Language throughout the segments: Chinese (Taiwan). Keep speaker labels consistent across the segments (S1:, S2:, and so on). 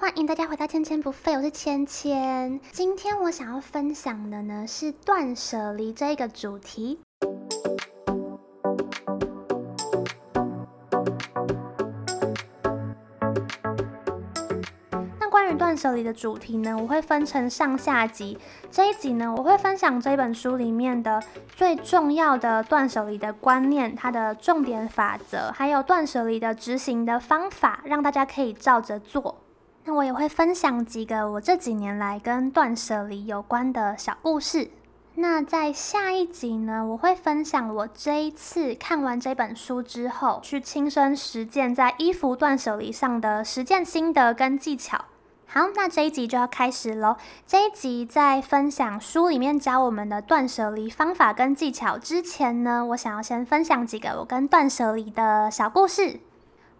S1: 歡迎大家回到千千不廢，我是千千。今天我想要分享的呢是斷捨離這一個主題。那關於斷捨離的主題呢，我會分成上下集。這一集呢，我會分享這一本書裡面的最重要的斷捨離的觀念，它的重點法則，還有斷捨離的執行的方法，讓大家可以照着做。那我也會分享幾個我這幾年來跟斷捨離有關的小故事。那在下一集呢，我會分享我這一次看完這本書之後，去親身實踐在衣服斷捨離上的實踐心得跟技巧。好，那這一集就要開始嘍。這一集在分享書裡面教我們的斷捨離方法跟技巧之前呢，我想要先分享幾個我跟斷捨離的小故事。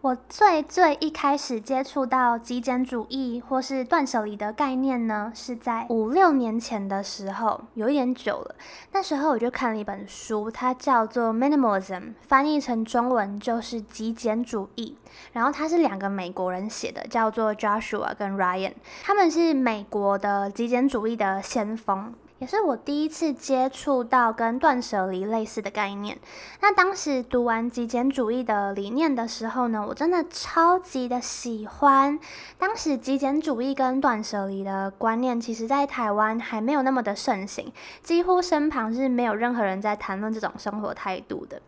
S1: 我最最一開始接觸到極簡主義或是斷舍離的概念呢，是在五六年前的時候，有一點久了。那時候我就看了一本書，它叫做 Minimalism，翻譯成中文就是極簡主義。然後它是兩個美國人寫的，叫做 Joshua 跟 Ryan，他們是美國的極簡主義的先鋒。也是我第一次接觸到跟斷捨離類似的概念。那當時讀完極簡主義的理念的時候呢，我真的超級的喜歡。當時極簡主義跟斷捨離的觀念，其實在台灣還沒有那麼的盛行，幾乎身旁是沒有任何人在談論這種生活態度的。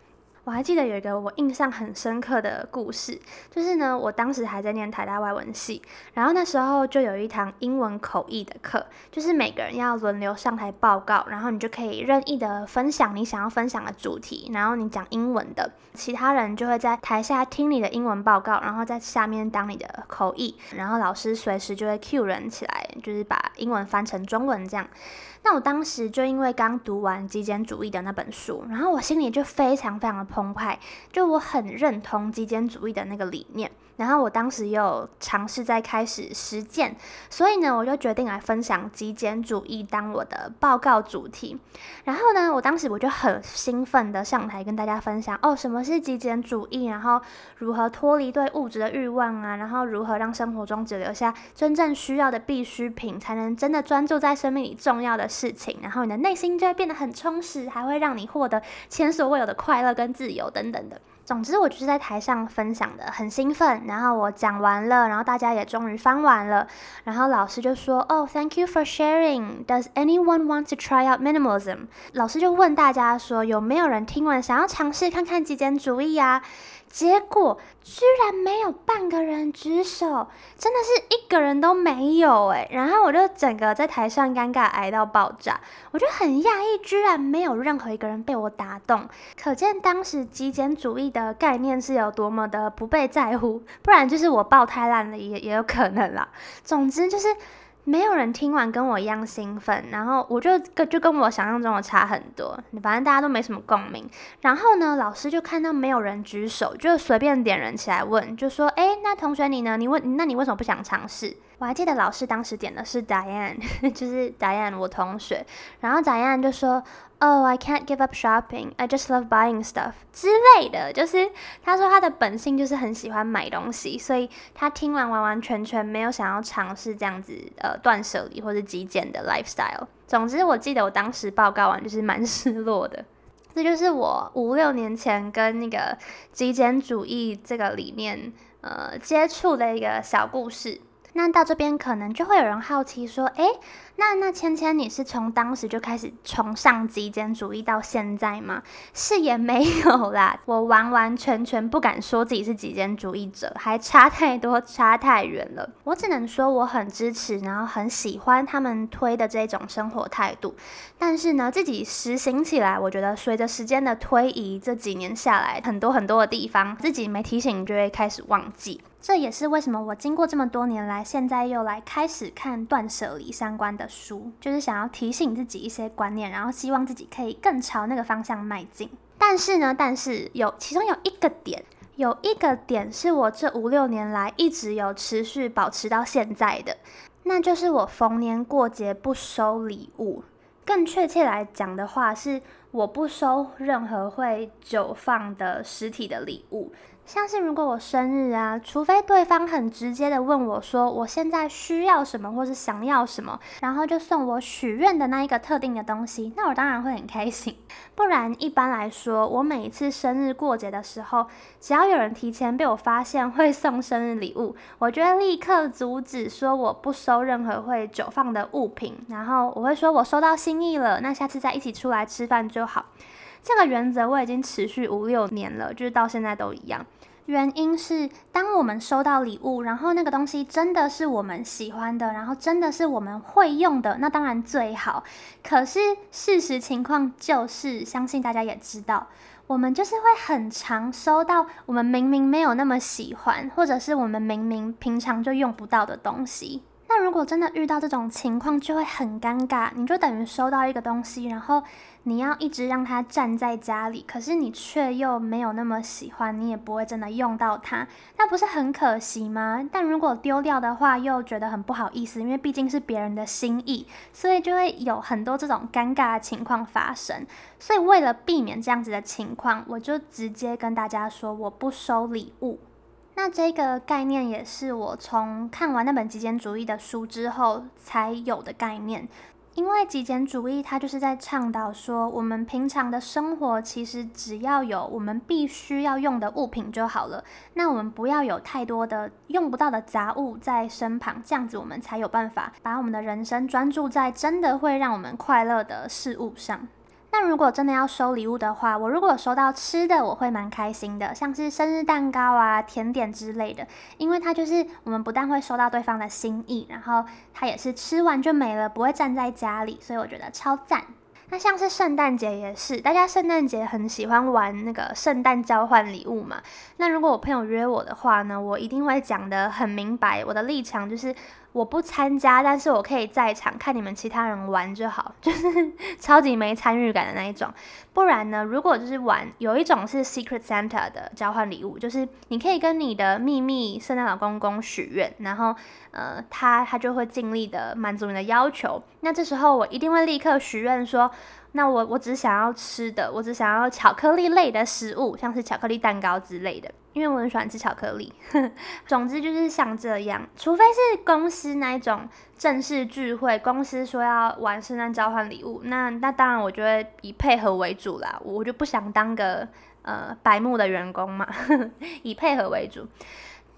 S1: 我還記得有一個我印象很深刻的故事，就是呢，我當時還在念台大外文系，然後那時候就有一堂英文口譯的課，就是每個人要輪流上台報告，然後你就可以任意的分享你想要分享的主題，然後你講英文的，其他人就會在台下聽你的英文報告，然後在下面當你的口譯，然後老師隨時就會 cue 人起來，就是把英文翻成中文這樣。那我當時就因為剛讀完極簡主義的那本書，然後我心裡就非常非常的澎湃，就我很認同極簡主義的那個理念。然後我當時又嘗試在開始實踐，所以呢，我就決定來分享極簡主義當我的報告主題。然後呢，我當時我就很興奮地上台跟大家分享哦，什麼是極簡主義，然後如何脫離對物質的慾望啊，然後如何讓生活中只留下真正需要的必需品，才能真的專注在生命裡重要的事情，然後你的內心就會變得很充實，還會讓你獲得前所未有的快樂跟自由等等的。總之，我就是在台上分享的，很興奮。然後我講完了，然後大家也終於翻完了。然後老師就說：“哦，Thank you for sharing. Does anyone want to try out minimalism？” 老師就問大家說：“有沒有人聽完想要嘗試看看極簡主義呀？”結果居然沒有半個人舉手，真的是一個人都沒有哎、欸！然後我就整個在台上尷尬挨到爆炸，我就很訝異，居然沒有任何一個人被我打動，可見當時極簡主義的概念是有多麼的不被在乎，不然就是我爆太爛了，也也有可能啦。總之就是。沒有人聽完跟我一樣興奮，然後我就跟就跟我想象中的差很多，反正大家都沒什麼共鳴。然後呢，老師就看到沒有人舉手，就隨便點人起來問，就說：“哎，那同學你呢？你問那你為什麼不想嘗試？”我還記得老師當時點的是 Diane，就是 Diane 我同學，然後 Diane 就說。Oh, I can't give up shopping. I just love buying stuff 之類的，就是他說他的本性就是很喜歡買東西，所以他聽完完完全全沒有想要嘗試這樣子呃斷捨離或者極簡的 lifestyle。總之，我記得我當時報告完就是蠻失落的。這就是我五六年前跟那個極簡主義這個理念呃接觸的一個小故事。那到這邊可能就會有人好奇說：“誒、欸，那那芊芊你是從當時就開始崇尚極簡主義到現在嗎？”是也沒有啦，我完完全全不敢說自己是極簡主義者，還差太多，差太遠了。我只能說我很支持，然後很喜歡他們推的這種生活態度，但是呢，自己實行起來，我覺得隨着時間的推移，這幾年下來，很多很多的地方自己沒提醒就會開始忘記。這也是為什麼我經過這麼多年來，現在又來開始看斷舍離相關的書，就是想要提醒自己一些觀念，然後希望自己可以更朝那個方向邁進。但是呢，但是有其中有一個點，有一個點是我這五六年來一直有持續保持到現在的，那就是我逢年過節不收禮物。更確切來講的話，是我不收任何會久放的實體的禮物。像是如果我生日啊，除非對方很直接的問我，說我現在需要什麼，或是想要什麼，然後就送我許願的那一個特定的東西，那我當然會很開心。不然一般來說，我每一次生日過節的時候，只要有人提前被我發現會送生日禮物，我就會立刻阻止，說我不收任何會久放的物品，然後我會說我收到心意了，那下次再一起出來吃飯就好。這個原則我已經持續五六年了，就是到現在都一樣。原因是，當我們收到禮物，然後那個東西真的是我們喜歡的，然後真的是我們會用的，那當然最好。可是事實情況就是，相信大家也知道，我們就是會很常收到我們明明沒有那麼喜歡，或者是我們明明平常就用不到的東西。那如果真的遇到這種情況，就會很尷尬。你就等於收到一個東西，然後你要一直讓它站在家裡，可是你卻又沒有那麼喜歡，你也不會真的用到它，那不是很可惜嗎？但如果丟掉的話，又覺得很不好意思，因為畢竟是別人的心意，所以就會有很多這種尷尬的情況發生。所以為了避免這樣子的情況，我就直接跟大家說，我不收禮物。那這個概念也是我從看完那本極簡主義的書之後才有的概念，因為極簡主義它就是在倡導說，我們平常的生活其實只要有我們必須要用的物品就好了，那我們不要有太多的用不到的雜物在身旁，這樣子我們才有辦法把我們的人生專注在真的會讓我們快樂的事物上。那如果真的要收禮物的話，我如果收到吃的，我會蠻開心的，像是生日蛋糕啊、甜點之類的，因為它就是我們不但會收到對方的心意，然後他也是吃完就沒了，不會站在家裡，所以我覺得超贊。那像是聖誕節也是，大家聖誕節很喜歡玩那個聖誕交換禮物嘛。那如果我朋友約我的話呢，我一定會講得很明白，我的立場就是。我不參加，但是我可以在場看你們其他人玩就好，就是超級沒參與感的那一種。不然呢？如果就是玩，有一種是 Secret Santa 的交換禮物，就是你可以跟你的秘密聖誕老公公許願，然後呃，他他就會盡力的滿足你的要求。那這時候我一定會立刻許願說。那我我只想要吃的，我只想要巧克力類的食物，像是巧克力蛋糕之類的，因為我很喜歡吃巧克力。呵呵，總之就是像這樣，除非是公司那一種正式聚會，公司說要玩聖誕交換禮物，那那當然我就會以配合為主啦，我就不想當個呃，白目的員工嘛呵呵，以配合為主。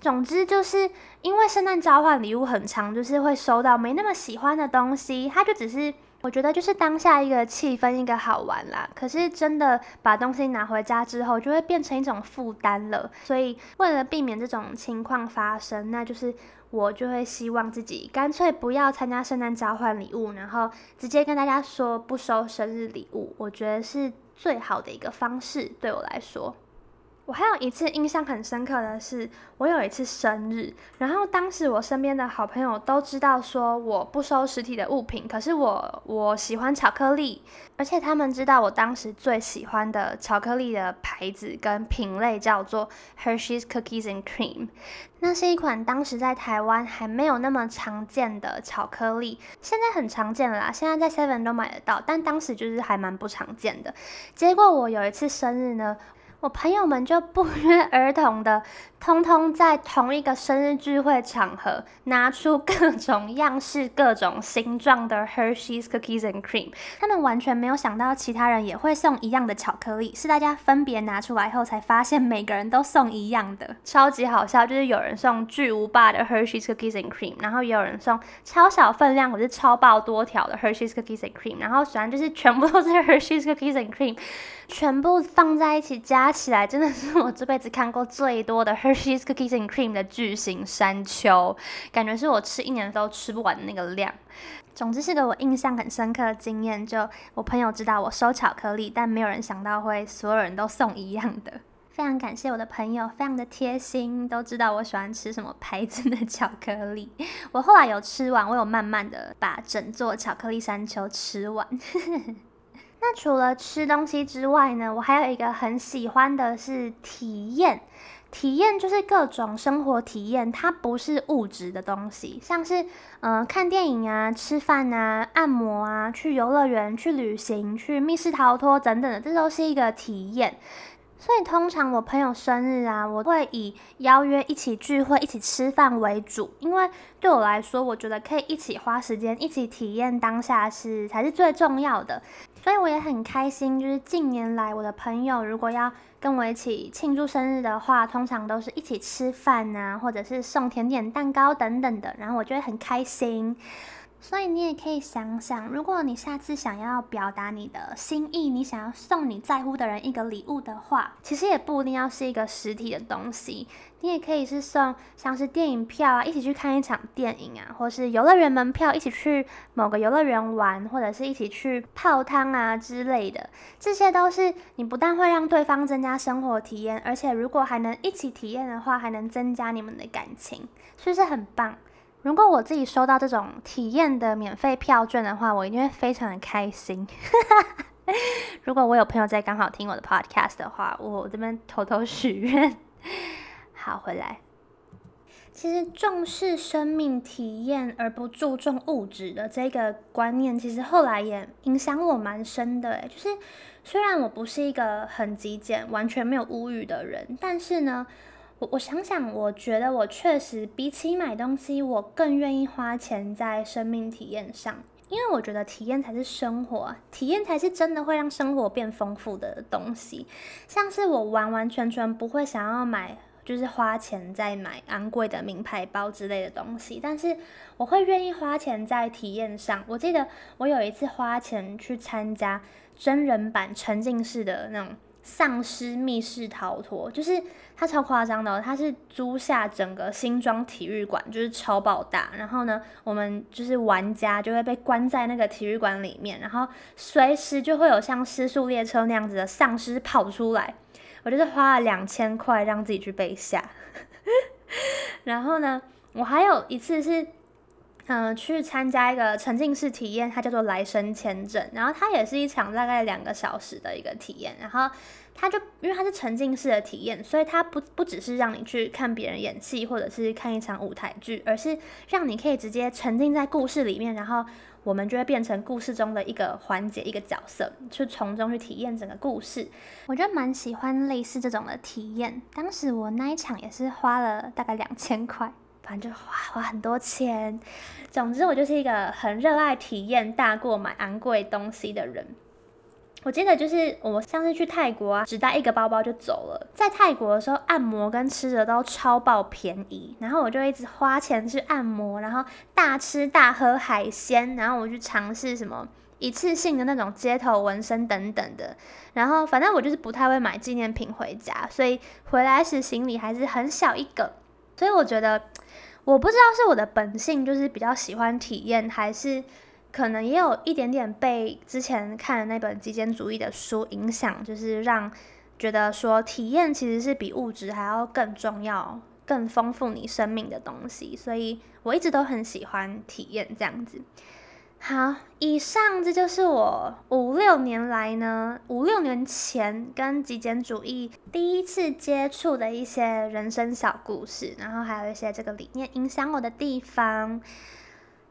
S1: 總之就是因為聖誕交換禮物很常，就是會收到沒那麼喜歡的東西，它就只是。我覺得就是當下一個氣氛一個好玩啦，可是真的把東西拿回家之後，就會變成一種負擔了。所以為了避免這種情況發生，那就是我就會希望自己乾脆不要參加聖誕交換禮物，然後直接跟大家說不收生日禮物。我覺得是最好的一個方式，對我來說。我還有一次印象很深刻的是，我有一次生日，然後當時我身邊的好朋友都知道說我不收實體的物品，可是我我喜歡巧克力，而且他們知道我當時最喜歡的巧克力的牌子跟品類叫做 Hershey's Cookies and Cream，那是一款當時在台灣還沒有那麼常見的巧克力，現在很常見啦，現在在 Seven 都買得到，但當時就是還蠻不常見的。結果我有一次生日呢。我朋友們就不約而同的，通通在同一個生日聚會場合拿出各種樣式、各種形狀的 Hershey's Cookies and Cream。他們完全沒有想到其他人也會送一樣的巧克力，是大家分別拿出來後才發現每個人都送一樣的，超級好笑。就是有人送巨無霸的 Hershey's Cookies and Cream，然後也有人送超小分量或是超爆多條的 Hershey's Cookies and Cream，然後喜歡就是全部都是 Hershey's Cookies and Cream，全部放在一起加起來真的是我這輩子看過最多的 Hershey's Cookies and Cream 的巨型山丘，感覺是我吃一年都吃不完的那個量。總之是給我印象很深刻的經驗。就我朋友知道我收巧克力，但沒有人想到會所有人都送一樣的。非常感謝我的朋友，非常的貼心，都知道我喜歡吃什麼牌子的巧克力。我後來有吃完，我有慢慢的把整座巧克力山丘吃完。 那除了吃東西之外呢，我還有一個很喜歡的是體驗。體驗就是各種生活體驗，它不是物質的東西，像是嗯、呃、看電影啊、吃飯啊、按摩啊、去遊樂園、去旅行、去密室逃脫等等的，這都是一個體驗。所以通常我朋友生日啊，我會以邀約一起聚會、一起吃飯為主，因為對我來說，我覺得可以一起花時間、一起體驗當下是才是最重要的。所以我也很開心，就是近年來我的朋友如果要跟我一起慶祝生日的話，通常都是一起吃飯啊，或者是送甜點、蛋糕等等的，然後我就會很開心。所以你也可以想想，如果你下次想要表達你的心意，你想要送你在乎的人一個禮物的話，其實也不一定要是一個實體的東西。你也可以是送像是電影票啊，一起去看一場電影啊，或是遊樂園門票，一起去某個遊樂園玩，或者是一起去泡湯啊之類的。這些都是你不但會讓對方增加生活體驗，而且如果還能一起體驗的話，還能增加你們的感情，是不是很棒？如果我自己收到這種體驗的免費票券的話，我一定會非常的開心。 如果我有朋友在剛好聽我的 podcast 的話，我這邊偷偷許願。好，回來。其實重視生命體驗而不注重物質的這個觀念，其實後來也影響我蠻深的。就是雖然我不是一個很極簡、完全沒有物慾的人，但是呢，我我想想，我覺得我確實比起買東西，我更願意花錢在生命體驗上，因為我覺得體驗才是生活，體驗才是真的會讓生活變豐富的東西。像是我完完全全不會想要買，就是花錢在買昂貴的名牌包之類的東西，但是我會願意花錢在體驗上。我記得我有一次花錢去參加真人版沉浸式的那種。喪屍密室逃脫，就是它超誇張的哦，它是租下整個新莊體育館，就是超爆大。然後呢，我們就是玩家就會被關在那個體育館裡面，然後隨時就會有像失速列車那樣子的喪屍跑出來。我就是花了兩千塊讓自己去被嚇。 然後呢，我還有一次是。嗯、呃，去參加一個沉浸式體驗，它叫做《來生簽證》，然後它也是一場大概兩個小時的一個體驗。然後它就因為它是沉浸式的體驗，所以它不不只是讓你去看別人演戲，或者是看一場舞台劇，而是讓你可以直接沉浸在故事裡面。然後我們就會變成故事中的一個環節、一個角色，去從中去體驗整個故事。我就蠻喜歡類似這種的體驗。當時我那一場也是花了大概兩千塊。反正就花花很多錢，總之我就是一個很熱愛體驗大過買昂貴東西的人。我記得就是我上次去泰國啊，只帶一個包包就走了。在泰國的時候，按摩跟吃的都超爆便宜，然後我就一直花錢去按摩，然後大吃大喝海鮮，然後我去嘗試什麼一次性的那種街頭紋身等等的。然後反正我就是不太會買紀念品回家，所以回來時行李還是很小一個。所以我覺得。我不知道是我的本性，就是比較喜歡體驗，還是可能也有一點點被之前看的那本極簡主義的書影響，就是讓覺得說體驗其實是比物質還要更重要、更豐富你生命的東西，所以我一直都很喜歡體驗這樣子。好，以上這就是我五六年來呢，五六年前跟極簡主義第一次接觸的一些人生小故事，然後還有一些這個理念影響我的地方。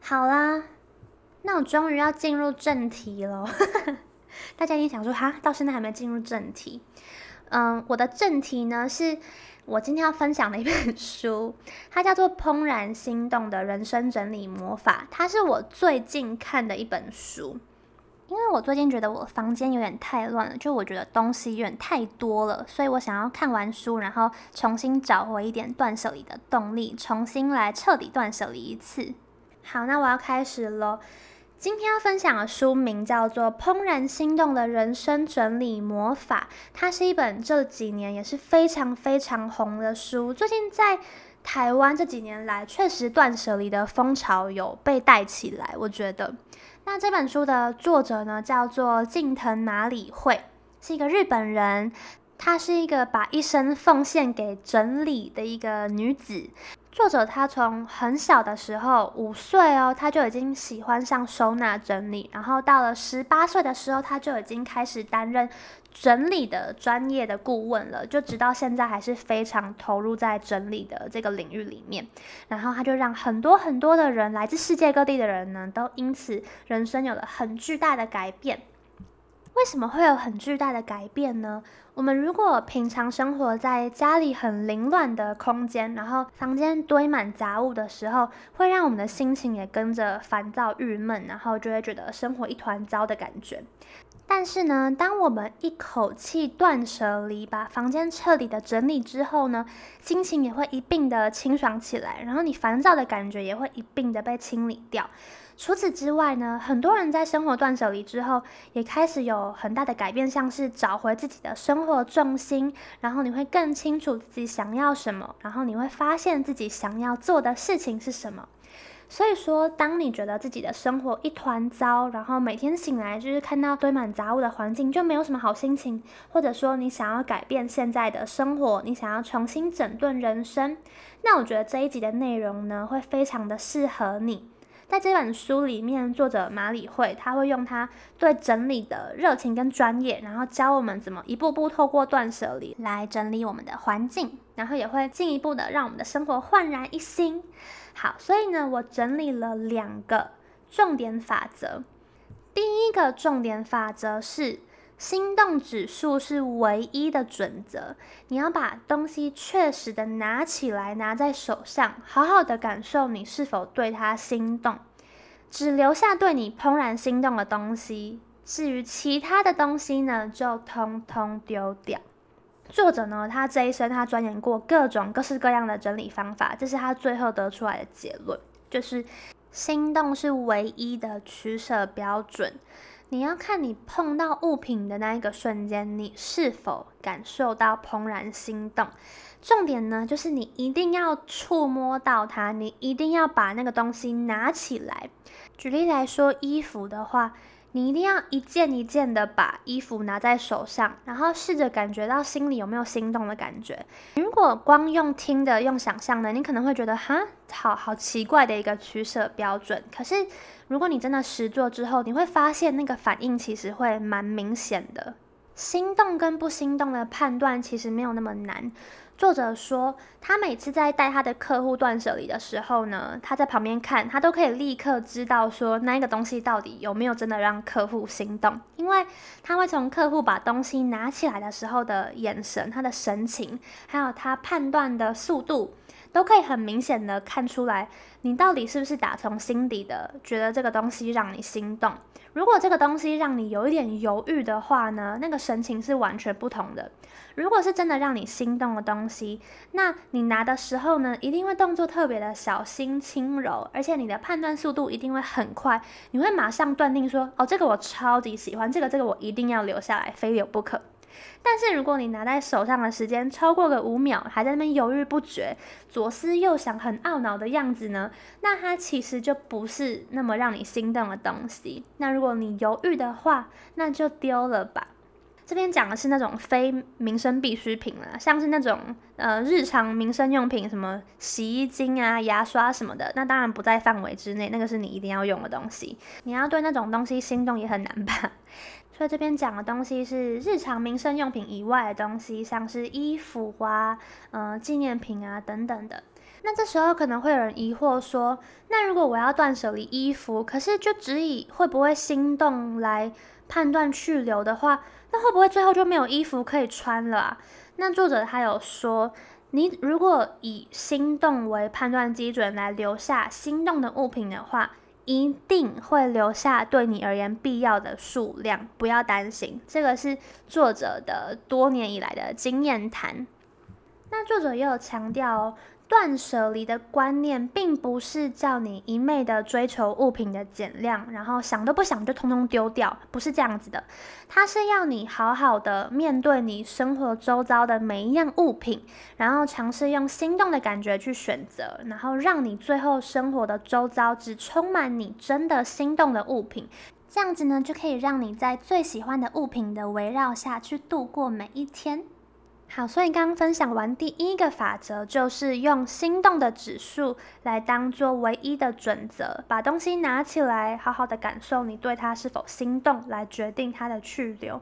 S1: 好啦，那我終於要進入正題了。 大家一定想說哈，到現在還沒進入正題。嗯，我的正題呢是。我今天要分享的一本書，它叫做《怦然心動的人生整理魔法》，它是我最近看的一本書。因為我最近覺得我房間有點太亂了，就我覺得東西有點太多了，所以我想要看完書，然後重新找回一點斷捨離的動力，重新來徹底斷捨離一次。好，那我要開始嘍。今天要分享的書名叫做《怦然心動的人生整理魔法》，它是一本這幾年也是非常非常紅的書。最近在台灣這幾年來，確實斷捨離的風潮有被帶起來。我覺得，那這本書的作者呢，叫做近藤麻理惠，是一個日本人，她是一個把一生奉獻給整理的一個女子。作者他從很小的時候，五歲哦，他就已經喜歡上收納整理，然後到了十八歲的時候，他就已經開始擔任整理的專業的顧問了，就直到現在還是非常投入在整理的這個領域裡面。然後他就讓很多很多的人，來自世界各地的人呢，都因此人生有了很巨大的改變。為什麼會有很巨大的改變呢？我們如果平常生活在家裡很凌亂的空間，然後房間堆滿雜物的時候，會讓我們的心情也跟着煩躁、鬱悶，然後就會覺得生活一團糟的感覺。但是呢，當我們一口氣斷捨離，把房間徹底的整理之後呢，心情也會一併的清爽起來，然後你煩躁的感覺也會一併的被清理掉。除此之外呢，很多人在生活斷捨離之後，也開始有很大的改變，像是找回自己的生活重心，然後你會更清楚自己想要什麼，然後你會發現自己想要做的事情是什麼。所以說，當你覺得自己的生活一團糟，然後每天醒來就是看到堆滿雜物的環境，就沒有什麼好心情，或者說你想要改變現在的生活，你想要重新整頓人生，那我覺得這一集的內容呢，會非常的適合你。在這本書裡面，作者麻理惠，她會用她對整理的熱情跟專業，然後教我們怎麼一步步透過斷捨離來整理我們的環境，然後也會進一步的讓我們的生活煥然一新。好，所以呢，我整理了兩個重點法則。第一個重點法則是。心動指數是唯一的準則，你要把東西確實的拿起來，拿在手上，好好的感受你是否對它心動，只留下對你怦然心動的東西，至於其他的東西呢，就通通丟掉。作者呢，他這一生他鑽研過各種各式各樣的整理方法，這是他最後得出來的結論，就是心動是唯一的取舍標準。你要看你碰到物品的那一個瞬間，你是否感受到怦然心動？重點呢，就是你一定要觸摸到它，你一定要把那個東西拿起來。舉例來說，衣服的話，你一定要一件一件的把衣服拿在手上，然後試着感覺到心裡有沒有心動的感覺。如果光用聽的、用想象的，你可能會覺得，哈，好好奇怪的一個取舍標準。可是。如果你真的實做之後，你會發現那個反應其實會蠻明顯的。心動跟不心動的判斷其實沒有那麼難。作者說，他每次在帶他的客戶斷捨離的時候呢，他在旁邊看他都可以立刻知道說那一個東西到底有沒有真的讓客戶心動，因為他會從客戶把東西拿起來的時候的眼神、他的神情，還有他判斷的速度。都可以很明顯的看出來，你到底是不是打從心底的覺得這個東西讓你心動。如果這個東西讓你有一點猶豫的話呢，那個神情是完全不同的。如果是真的讓你心動的東西，那你拿的時候呢，一定會動作特別的小心輕柔，而且你的判斷速度一定會很快，你會馬上斷定說，哦，這個我超級喜歡，這個這個我一定要留下來，非留不可。但是如果你拿在手上的時間超過個五秒，還在那邊猶豫不決、左思右想、很懊惱的樣子呢，那它其實就不是那麼讓你心動的東西。那如果你猶豫的話，那就丟了吧。這邊講的是那種非民生必需品了、啊，像是那種呃日常民生用品，什麼洗衣精啊、牙刷什麼的，那當然不在範圍之內。那個是你一定要用的東西，你要對那種東西心動也很難吧。所以這邊講的東西是日常民生用品以外的東西，像是衣服啊、嗯、呃、紀念品啊等等的。那這時候可能會有人疑惑說，那如果我要斷捨離衣服，可是就只以會不會心動來判斷去留的話，那會不會最後就沒有衣服可以穿了啊？那作者他有說，你如果以心動為判斷基準來留下心動的物品的話。一定會留下對你而言必要的數量，不要擔心，這個是作者的多年以來的經驗談。那作者也有強調哦。斷捨離的觀念，並不是叫你一昧的追求物品的減量，然後想都不想就通通丟掉，不是這樣子的。它是要你好好的面對你生活周遭的每一樣物品，然後嘗試用心動的感覺去選擇，然後讓你最後生活的周遭只充滿你真的心動的物品。這樣子呢，就可以讓你在最喜歡的物品的圍繞下去度過每一天。好，所以剛剛分享完第一個法則，就是用心動的指數來當做唯一的準則，把東西拿起來，好好的感受你對它是否心動，來決定它的去留。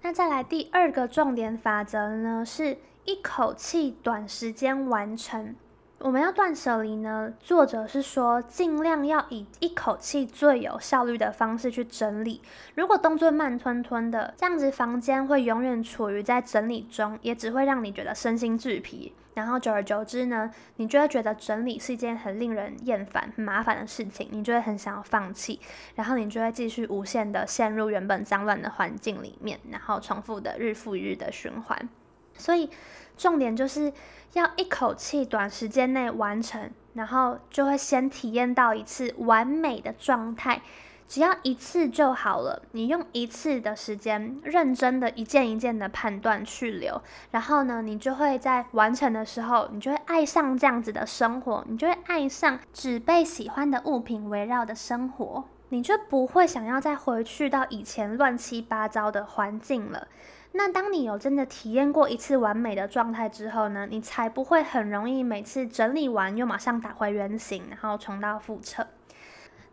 S1: 那再來第二個重點法則呢，是一口氣短時間完成。我們要斷捨離呢，作者是說，盡量要以一口氣最有效率的方式去整理。如果動作慢吞吞的，這樣子房間會永遠處於在整理中，也只會讓你覺得身心俱疲。然後久而久之呢，你就會覺得整理是一件很令人厭煩、很麻煩的事情，你就會很想要放棄。然後你就會繼續無限的陷入原本髒亂的環境裡面，然後重複的日復一日的循環。所以。重點就是要一口氣短時間內完成，然後就會先體驗到一次完美的狀態，只要一次就好了。你用一次的時間，認真的一件一件的判斷去留，然後呢，你就會在完成的時候，你就會愛上這樣子的生活，你就會愛上只被喜歡的物品圍繞的生活，你就不會想要再回去到以前亂七八糟的環境了。那當你有真的體驗過一次完美的狀態之後呢，你才不會很容易每次整理完又馬上打回原形，然後重蹈覆轍。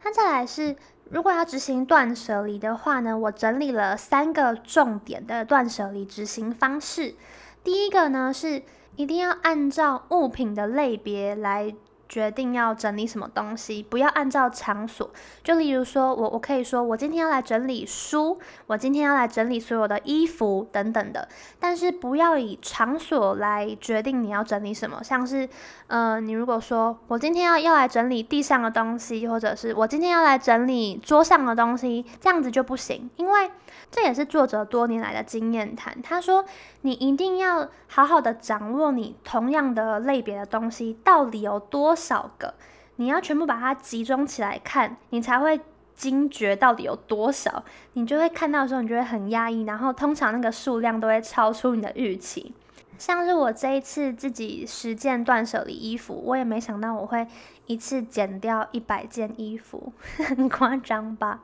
S1: 那再來是，如果要執行斷捨離的話呢，我整理了三個重點的斷捨離執行方式。第一個呢是，一定要按照物品的類別來。決定要整理什麼東西，不要按照場所。就例如說，我我可以說，我今天要來整理書，我今天要來整理所有的衣服等等的。但是不要以場所來決定你要整理什麼，像是，呃，你如果說我今天要要來整理地上的東西，或者是我今天要來整理桌上的東西，這樣子就不行，因為。這也是作者多年來的經驗談。他說：“你一定要好好的掌握你同樣的類別的東西到底有多少個，你要全部把它集中起來看，你才會驚覺到底有多少。你就會看到的時候，你就會很壓抑。然後通常那個數量都會超出你的預期。像是我這一次自己實踐斷捨離衣服，我也沒想到我會一次剪掉一百件衣服，呵呵，很誇張吧。”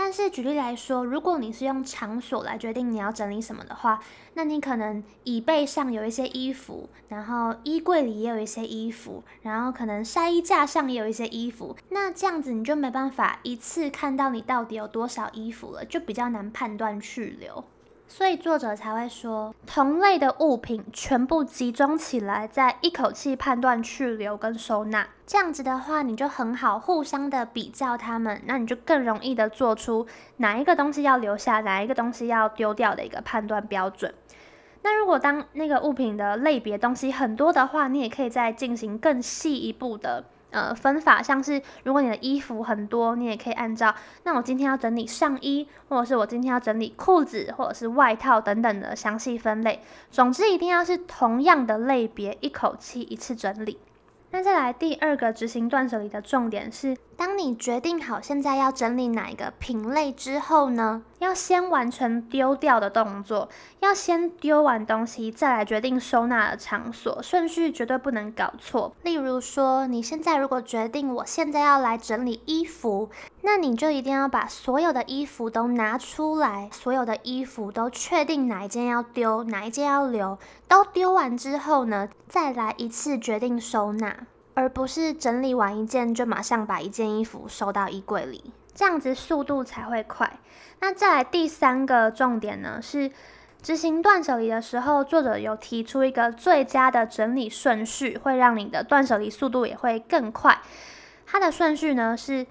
S1: 但是舉例來說，如果你是用場所來決定你要整理什麼的話，那你可能椅背上有一些衣服，然後衣櫃裡也有一些衣服，然後可能曬衣架上也有一些衣服。那這樣子你就沒辦法一次看到你到底有多少衣服了，就比較難判斷去留。所以作者才會說，同類的物品全部集中起來，再一口氣判斷去留跟收納。這樣子的話，你就很好互相的比較它們，那你就更容易的做出哪一個東西要留下，哪一個東西要丟掉的一個判斷標準。那如果當那個物品的類別東西很多的話，你也可以再進行更細一步的。呃，分法像是，如果你的衣服很多，你也可以按照，那我今天要整理上衣，或者是我今天要整理褲子，或者是外套等等的詳細分類。總之一定要是同樣的類別，一口氣一次整理。那再來第二個執行斷捨離的重點是，當你決定好現在要整理哪一個品類之後呢，要先完成丟掉的動作，要先丟完東西再來決定收納的場所，順序絕對不能搞錯。例如說，你現在如果決定我現在要來整理衣服，那你就一定要把所有的衣服都拿出來，所有的衣服都確定哪一件要丟，哪一件要留，都丟完之後呢，再來一次決定收納。而不是整理完一件就馬上把一件衣服收到衣櫃裡，這樣子速度才會快。那再來第三個重點呢，是執行斷捨離的時候，作者有提出一個最佳的整理順序，會讓你的斷捨離速度也會更快。它的順序呢，是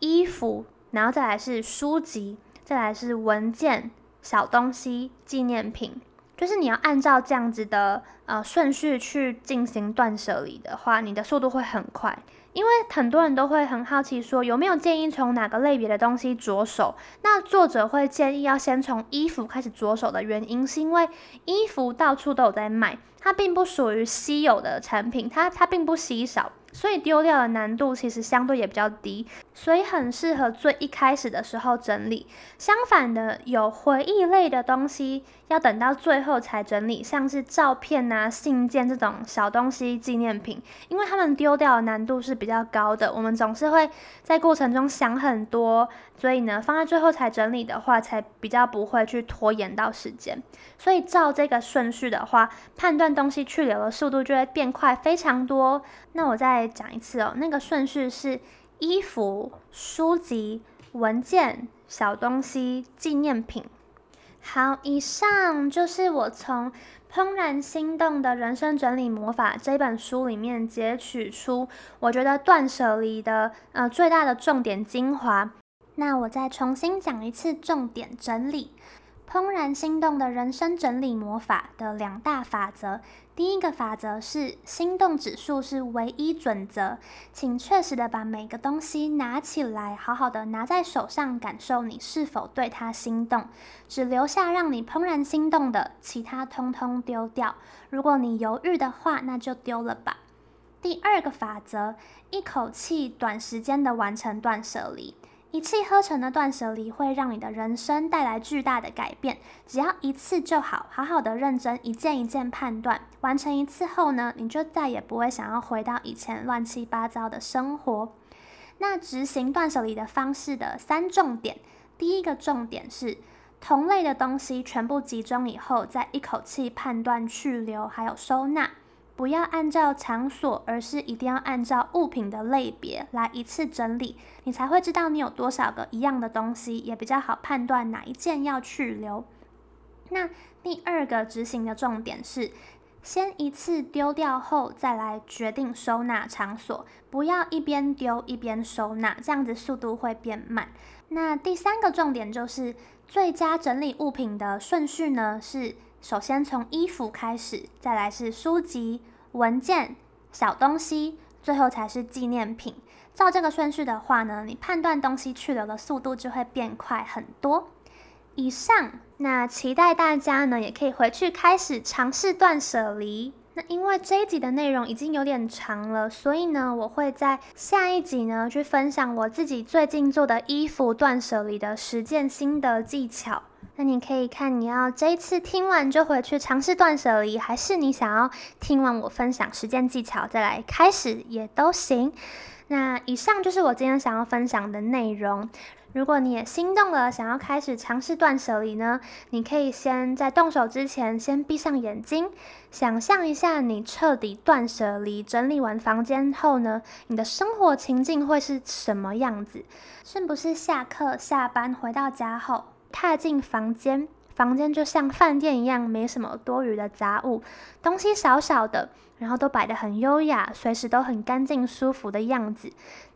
S1: 衣服，然後再來是書籍，再來是文件、小東西、紀念品。就是你要按照這樣子的呃順序去進行斷捨離的話，你的速度會很快。因為很多人都會很好奇說，有沒有建議從哪個類別的東西着手？那作者會建議要先從衣服開始着手的原因，是因為衣服到處都有在賣，它並不屬於稀有的產品，它它並不稀少。所以丟掉的難度其實相對也比較低，所以很適合最一開始的時候整理。相反的，有回憶類的東西要等到最後才整理，像是照片吶、啊、信件這種小東西、紀念品，因為他們丟掉的難度是比較高的。我們總是會在過程中想很多。所以呢，放在最後才整理的話，才比較不會去拖延到時間。所以照這個順序的話，判斷東西去留的速度就會變快非常多。那我再講一次哦，那個順序是衣服、書籍、文件、小東西、紀念品。好，以上就是我從《怦然心動的人生整理魔法》這本書裡面截取出我覺得斷捨離的呃最大的重點精華。那我再重新講一次，重點整理，怦然心動的人生整理魔法的兩大法則。第一個法則是，心動指數是唯一準則，請確實的把每個東西拿起來，好好的拿在手上，感受你是否對它心動，只留下讓你怦然心動的，其他通通丟掉。如果你猶豫的話，那就丟了吧。第二個法則，一口氣短時間的完成斷捨離。一氣呵成的斷捨離會讓你的人生帶來巨大的改變，只要一次就好，好好的認真，一件一件判斷，完成一次後呢，你就再也不會想要回到以前亂七八糟的生活。那執行斷捨離的方式的三重點，第一個重點是同類的東西全部集中以後，再一口氣判斷去留，還有收納。不要按照場所，而是一定要按照物品的類別來一次整理，你才會知道你有多少個一樣的東西，也比較好判斷哪一件要去留。那第二個執行的重點是，先一次丟掉後再來決定收納場所，不要一邊丟一邊收納，這樣子速度會變慢。那第三個重點就是，最佳整理物品的順序呢是。首先從衣服開始，再來是書籍、文件、小東西，最後才是紀念品。照這個順序的話呢，你判斷東西去留的速度就會變快很多。以上，那期待大家呢也可以回去開始嘗試斷捨離。那因為這一集的內容已經有點長了，所以呢，我會在下一集呢去分享我自己最近做的衣服斷捨離的實踐心得技巧。那你可以看，你要這一次聽完就回去嘗試斷捨離，還是你想要聽完我分享時間技巧再來開始也都行。那以上就是我今天想要分享的內容。如果你也心動了，想要開始嘗試斷捨離呢，你可以先在動手之前先閉上眼睛，想象一下你徹底斷捨離整理完房間後呢，你的生活情境會是什麼樣子？是不是下課、下班回到家後，踏進房間，房間就像飯店一樣，沒什麼多餘的雜物，東西少少的，然後都擺得很優雅，隨時都很乾淨舒服的樣子。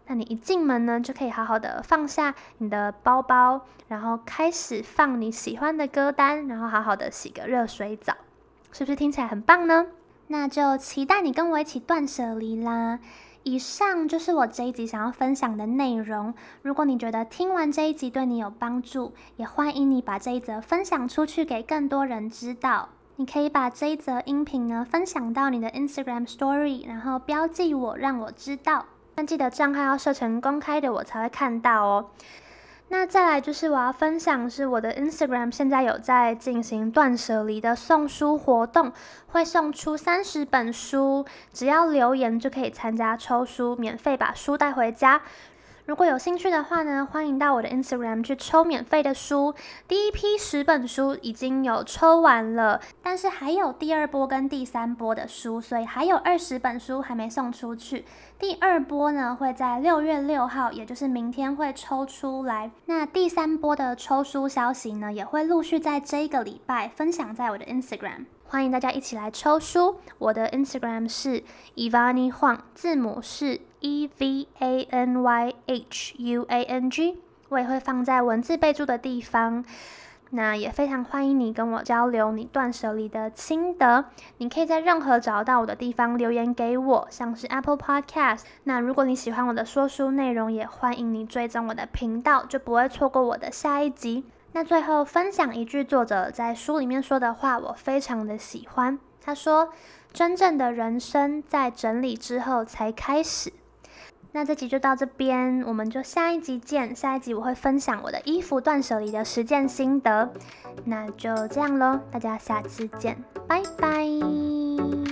S1: 那你一進門呢，就可以好好的放下你的包包，然後開始放你喜歡的歌單，然後好好的洗個熱水澡，是不是聽起來很棒呢？那就期待你跟我一起斷捨離啦！以上就是我這一集想要分享的內容。如果你覺得聽完這一集對你有幫助，也歡迎你把這一則分享出去給更多人知道。你可以把這一則音頻呢分享到你的 Instagram Story，然後標記我，讓我知道。但記得賬號要設成公開的，我才會看到哦。那再來就是我要分享，是我的 Instagram 現在有在進行斷捨離的送書活動，會送出三十本書，只要留言就可以參加抽書，免費把書帶回家。如果有興趣的話呢，歡迎到我的 Instagram 去抽免費的書。第一批十本書已經有抽完了，但是還有第二波跟第三波的書，所以還有二十本書還沒送出去。第二波呢，會在六月六號，也就是明天會抽出來。那第三波的抽書消息呢，也會陸續在這個禮拜分享在我的 Instagram，歡迎大家一起來抽書。我的 Instagram 是 Evany Huang，字母是 E V A N Y H U A N G，我也會放在文字備註的地方。那也非常歡迎你跟我交流你斷捨離的心得，你可以在任何找到我的地方留言給我，像是 Apple Podcast。那如果你喜歡我的說書內容，也歡迎你追蹤我的頻道，就不會錯過我的下一集。那最後分享一句作者在書裡面說的話，我非常的喜歡。他說：“真正的人生在整理之後才開始。”那這集就到這邊，我們就下一集見。下一集我會分享我的衣服斷捨離的實踐心得，那就這樣咯，大家下次見，拜拜。